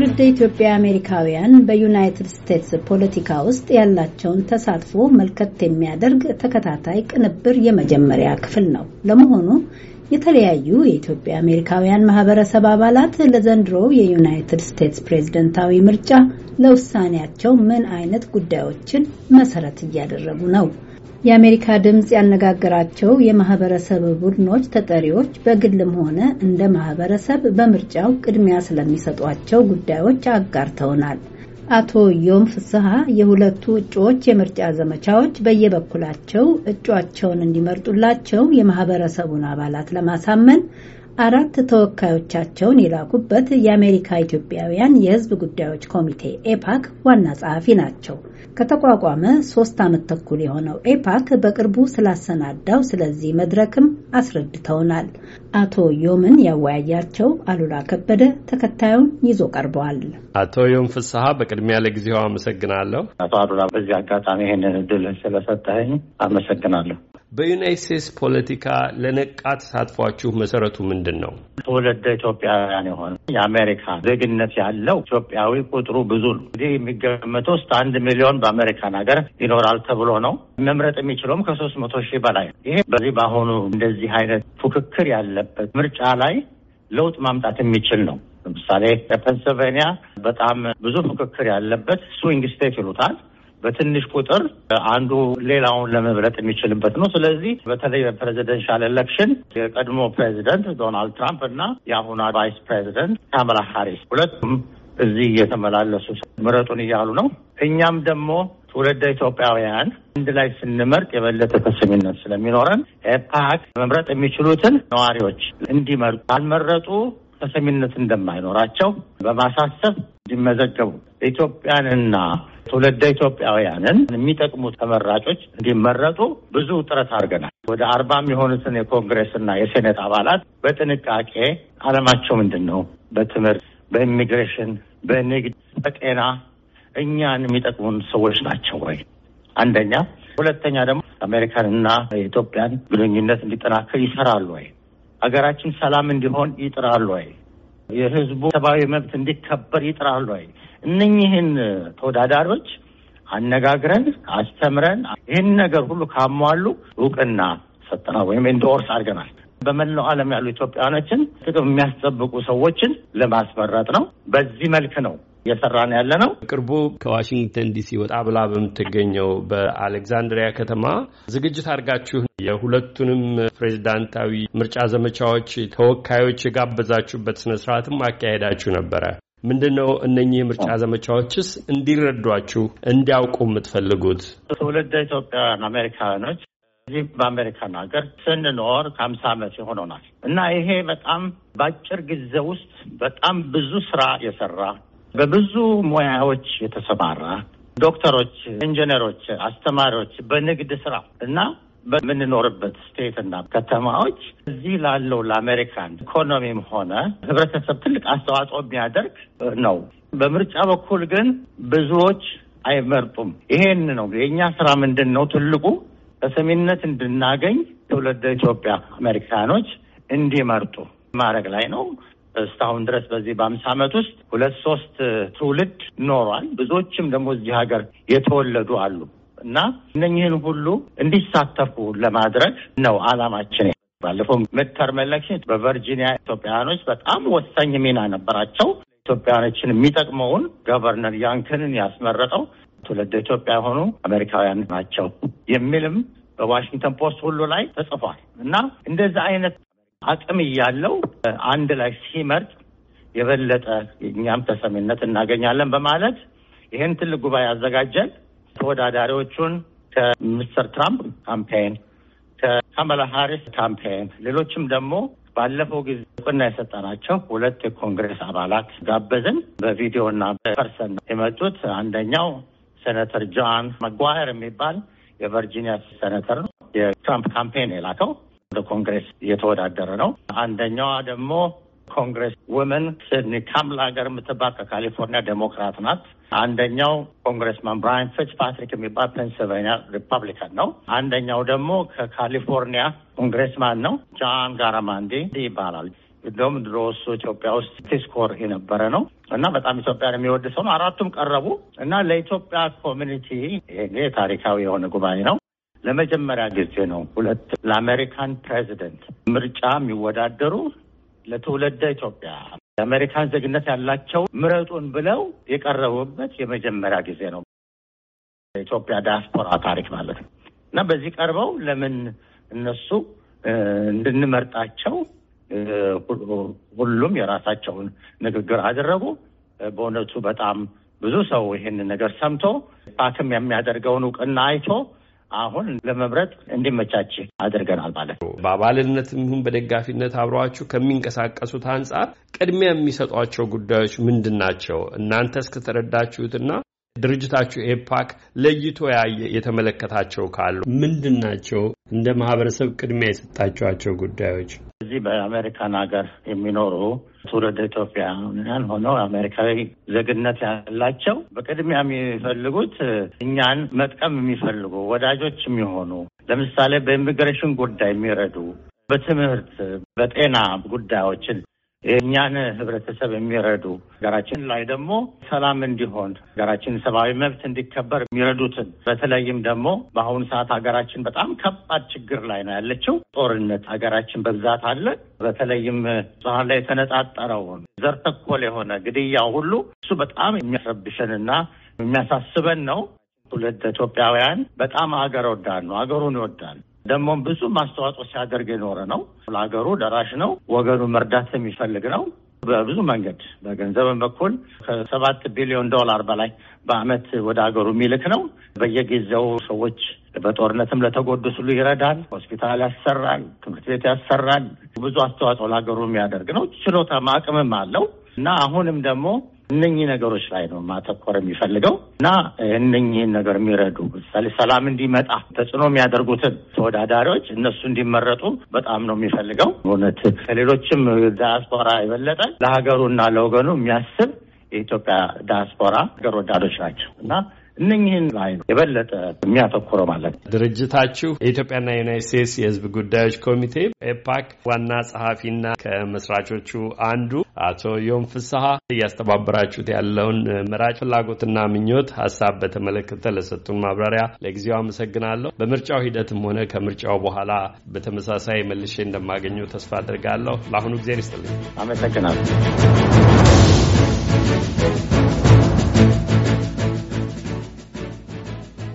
ትውልደ ኢትዮጵያ አሜሪካውያን በዩናይትድ ስቴትስ ፖለቲካ ውስጥ ያላቸውን ተሳትፎ መልከት የሚያደርግ ተከታታይ ቅንብር የመጀመሪያ ክፍል ነው። ለመሆኑ የተለያዩ የኢትዮጵያ አሜሪካውያን ማህበረሰብ አባላት ለዘንድሮ የዩናይትድ ስቴትስ ፕሬዝደንታዊ ምርጫ ለውሳኔያቸው ምን አይነት ጉዳዮችን መሰረት እያደረጉ ነው? የአሜሪካ ድምፅ ያነጋገራቸው የማህበረሰብ ቡድኖች ተጠሪዎች በግልም ሆነ እንደ ማህበረሰብ በምርጫው ቅድሚያ ስለሚሰጧቸው ጉዳዮች አጋርተውናል። አቶ ዮም ፍስሐ የሁለቱ እጩዎች የምርጫ ዘመቻዎች በየበኩላቸው እጩአቸውን እንዲመርጡላቸው የማህበረሰቡን አባላት ለማሳመን አራት ተወካዮቻቸውን የላኩበት የአሜሪካ ኢትዮጵያውያን የሕዝብ ጉዳዮች ኮሚቴ ኤፓክ ዋና ጸሐፊ ናቸው። ከተቋቋመ ሶስት ዓመት ተኩል የሆነው ኤፓክ በቅርቡ ስላሰናዳው ስለዚህ መድረክም አስረድተውናል። አቶ ዮምን ያወያያቸው አሉላ ከበደ ተከታዩን ይዞ ቀርበዋል። አቶ ዮም ፍስሀ በቅድሚያ ለጊዜው አመሰግናለሁ። አቶ አሉላ፣ በዚህ አጋጣሚ ይህንን እድል ስለሰጠኝ አመሰግናለሁ። በዩናይት ስቴትስ ፖለቲካ ለነቃ ተሳትፏችሁ መሰረቱ ምንድን ነው? ትውልደ ኢትዮጵያውያን የሆነ የአሜሪካ ዜግነት ያለው ኢትዮጵያዊ ቁጥሩ ብዙ ነው። እንግዲህ የሚገመተው ውስጥ አንድ ሚሊዮን በአሜሪካን ሀገር ይኖራል ተብሎ ነው። መምረጥ የሚችለውም ከሶስት መቶ ሺህ በላይ ይሄ በዚህ በአሁኑ እንደዚህ አይነት ፉክክር ያለበት ምርጫ ላይ ለውጥ ማምጣት የሚችል ነው። ለምሳሌ ፐንስልቬኒያ በጣም ብዙ ፉክክር ያለበት ስዊንግ ስቴት ይሉታል። በትንሽ ቁጥር አንዱ ሌላውን ለመብለጥ የሚችልበት ነው። ስለዚህ በተለይ በፕሬዚደንሻል ኤሌክሽን የቀድሞ ፕሬዚደንት ዶናልድ ትራምፕ እና የአሁኑ ቫይስ ፕሬዚደንት ካማላ ሃሪስ ሁለቱም እዚህ እየተመላለሱ ምረጡን እያሉ ነው። እኛም ደግሞ ትውልደ ኢትዮጵያውያን አንድ ላይ ስንመርጥ የበለጠ ተሰሚነት ስለሚኖረን ኤፓክ መምረጥ የሚችሉትን ነዋሪዎች እንዲመርጡ ካልመረጡ ተሰሚነት እንደማይኖራቸው በማሳሰብ እንዲመዘገቡ ኢትዮጵያንና ትውልደ ኢትዮጵያውያንን የሚጠቅሙ ተመራጮች እንዲመረጡ ብዙ ጥረት አድርገናል። ወደ አርባም የሆኑትን የኮንግሬስና የሴኔት አባላት በጥንቃቄ አለማቸው ምንድን ነው? በትምህርት፣ በኢሚግሬሽን፣ በንግድ፣ በጤና እኛን የሚጠቅሙን ሰዎች ናቸው ወይ? አንደኛ። ሁለተኛ ደግሞ አሜሪካንና የኢትዮጵያን ግንኙነት እንዲጠናከር ይሰራሉ ወይ? ሀገራችን ሰላም እንዲሆን ይጥራሉ ወይ? የህዝቡ ሰብአዊ መብት እንዲከበር ይጥራሉ። አይ እነኚህን ተወዳዳሪዎች አነጋግረን አስተምረን ይህን ነገር ሁሉ ካሟሉ እውቅና ሰጠናል ወይም ኢንዶርስ አድርገናል። በመላው ዓለም ያሉ ኢትዮጵያውያኖችን ጥቅም የሚያስጠብቁ ሰዎችን ለማስመረጥ ነው። በዚህ መልክ ነው እየሰራን ያለ ነው። ቅርቡ ከዋሽንግተን ዲሲ ወጣ ብላ በምትገኘው በአሌክዛንድሪያ ከተማ ዝግጅት አድርጋችሁ የሁለቱንም ፕሬዚዳንታዊ ምርጫ ዘመቻዎች ተወካዮች የጋበዛችሁበት ስነስርዓትም አካሄዳችሁ ነበረ። ምንድን ነው እነኚህ የምርጫ ዘመቻዎችስ እንዲረዷችሁ እንዲያውቁ የምትፈልጉት? ትውልደ ኢትዮጵያውያን አሜሪካውያኖች እዚህ በአሜሪካን ሀገር ስንኖር ከሀምሳ ዓመት የሆነናል እና ይሄ በጣም በአጭር ጊዜ ውስጥ በጣም ብዙ ስራ የሰራ በብዙ ሙያዎች የተሰማራ ዶክተሮች፣ ኢንጂነሮች፣ አስተማሪዎች በንግድ ስራ እና በምንኖርበት ስቴትና ከተማዎች እዚህ ላለው ለአሜሪካን ኢኮኖሚም ሆነ ህብረተሰብ ትልቅ አስተዋጽኦ የሚያደርግ ነው። በምርጫ በኩል ግን ብዙዎች አይመርጡም። ይሄን ነው የእኛ ስራ ምንድን ነው ትልቁ ተሰሚነት እንድናገኝ ትውልደ ኢትዮጵያ አሜሪካኖች እንዲመርጡ ማድረግ ላይ ነው። እስካሁን ድረስ በዚህ በአምስት አመት ውስጥ ሁለት ሶስት ትውልድ ኖሯል። ብዙዎችም ደግሞ እዚህ ሀገር የተወለዱ አሉ እና እነኝህን ሁሉ እንዲሳተፉ ለማድረግ ነው አላማችን። ባለፈው ምድተርም ኤሌክሽን በቨርጂኒያ ኢትዮጵያውያኖች በጣም ወሳኝ ሚና ነበራቸው። ኢትዮጵያውያኖችን የሚጠቅመውን ገቨርነር ያንክንን ያስመረጠው ትውልድ ኢትዮጵያ የሆኑ አሜሪካውያን ናቸው የሚልም በዋሽንግተን ፖስት ሁሉ ላይ ተጽፏል እና እንደዚህ አይነት አቅም እያለው አንድ ላይ ሲመርጥ የበለጠ እኛም ተሰሚነት እናገኛለን በማለት ይህን ትልቅ ጉባኤ አዘጋጀን። ተወዳዳሪዎቹን ከሚስተር ትራምፕ ካምፔን፣ ከካመላ ሃሪስ ካምፔን ሌሎችም ደግሞ ባለፈው ጊዜ እውቅና የሰጠናቸው ሁለት የኮንግሬስ አባላት ጋበዝን። በቪዲዮ እና በፐርሰን የመጡት አንደኛው ሴነተር ጆን መጓየር የሚባል የቨርጂኒያ ሴነተር ነው። የትራምፕ ካምፔን የላከው በኮንግሬስ እየተወዳደረ ነው። አንደኛዋ ደግሞ ኮንግሬስ ውመን ሲድኒ ካምላ ሀገር የምትባል ከካሊፎርኒያ ዴሞክራት ናት። አንደኛው ኮንግሬስማን ብራያን ፊትዝ ፓትሪክ የሚባል ፔንስልቬኒያ ሪፐብሊካን ነው። አንደኛው ደግሞ ከካሊፎርኒያ ኮንግሬስማን ነው፣ ጃን ጋራማንዲ ይባላል። እንደውም ድሮ እሱ ኢትዮጵያ ውስጥ ቲስኮር የነበረ ነው እና በጣም ኢትዮጵያን የሚወድ ሰው ነው። አራቱም ቀረቡ እና ለኢትዮጵያ ኮሚኒቲ ይሄ ታሪካዊ የሆነ ጉባኤ ነው። ለመጀመሪያ ጊዜ ነው ሁለት ለአሜሪካን ፕሬዚደንት ምርጫ የሚወዳደሩ ለትውልደ ኢትዮጵያ የአሜሪካን ዜግነት ያላቸው ምረጡን ብለው የቀረቡበት የመጀመሪያ ጊዜ ነው። የኢትዮጵያ ዲያስፖራ ታሪክ ማለት ነው እና በዚህ ቀርበው ለምን እነሱ እንድንመርጣቸው ሁሉም የራሳቸውን ንግግር አደረጉ። በእውነቱ በጣም ብዙ ሰው ይህንን ነገር ሰምቶ ፓክም የሚያደርገውን እውቅና አይቶ አሁን ለመምረጥ እንዲመቻች አድርገናል ማለት ነው። በአባልነትም ይሁን በደጋፊነት አብረዋችሁ ከሚንቀሳቀሱት አንጻር ቅድሚያ የሚሰጧቸው ጉዳዮች ምንድን ናቸው? እናንተ እስከተረዳችሁትና ድርጅታችሁ ኤፓክ ለይቶ ያየ የተመለከታቸው ካሉ ምንድን ናቸው? እንደ ማህበረሰብ ቅድሚያ የሰጣችኋቸው ጉዳዮች እዚህ በአሜሪካን ሀገር የሚኖሩ ትውልደ ኢትዮጵያውያን ሆነው አሜሪካዊ ዜግነት ያላቸው በቅድሚያ የሚፈልጉት እኛን መጥቀም የሚፈልጉ ወዳጆች የሚሆኑ ለምሳሌ በኢሚግሬሽን ጉዳይ የሚረዱ በትምህርት በጤና ጉዳዮችን የእኛን ህብረተሰብ የሚረዱ ሀገራችን ላይ ደግሞ ሰላም እንዲሆን ሀገራችን ሰብአዊ መብት እንዲከበር የሚረዱትን በተለይም ደግሞ በአሁኑ ሰዓት ሀገራችን በጣም ከባድ ችግር ላይ ነው ያለችው። ጦርነት ሀገራችን በብዛት አለ። በተለይም ጽሀን ላይ የተነጣጠረውን ዘር ተኮር የሆነ ግድያ ሁሉ እሱ በጣም የሚያስረብሸንና የሚያሳስበን ነው። ሁለት ኢትዮጵያውያን በጣም ሀገር ወዳድ ነው። ሀገሩን ይወዳል። ደግሞም ብዙ ማስተዋጽኦ ሲያደርግ የኖረ ነው። ለሀገሩ ደራሽ ነው። ወገኑ መርዳት የሚፈልግ ነው። በብዙ መንገድ በገንዘብም በኩል ከሰባት ቢሊዮን ዶላር በላይ በአመት ወደ ሀገሩ የሚልክ ነው። በየጊዜው ሰዎች በጦርነትም ለተጎዱ ስሉ ይረዳል። ሆስፒታል ያሰራል፣ ትምህርት ቤት ያሰራል። ብዙ አስተዋጽኦ ለሀገሩ የሚያደርግ ነው። ችሎታ አቅምም አለው እና አሁንም ደግሞ እነኚህ ነገሮች ላይ ነው ማተኮር የሚፈልገው እና እነኚህን ነገር የሚረዱ ምሳሌ ሰላም እንዲመጣ ተጽዕኖ የሚያደርጉትን ተወዳዳሪዎች እነሱ እንዲመረጡ በጣም ነው የሚፈልገው። እውነት ከሌሎችም ዳያስፖራ የበለጠ ለሀገሩና ለወገኑ የሚያስብ የኢትዮጵያ ዳያስፖራ ሀገር ወዳዶች ናቸው እና እነኝህን ላይ ነው የበለጠ የሚያተኩረው ማለት ነው። ድርጅታችሁ የኢትዮጵያና የዩናይት ስቴትስ የህዝብ ጉዳዮች ኮሚቴ ኤፓክ ዋና ጸሐፊና ከመስራቾቹ አንዱ አቶ ዮም ፍስሀ እያስተባበራችሁት ያለውን መራጭ ፍላጎትና ምኞት ሀሳብ በተመለከተ ለሰጡን ማብራሪያ ለጊዜው አመሰግናለሁ። በምርጫው ሂደትም ሆነ ከምርጫው በኋላ በተመሳሳይ መልሼ እንደማገኘው ተስፋ አድርጋለሁ። ለአሁኑ ጊዜ ይስጥልኝ። አመሰግናለሁ።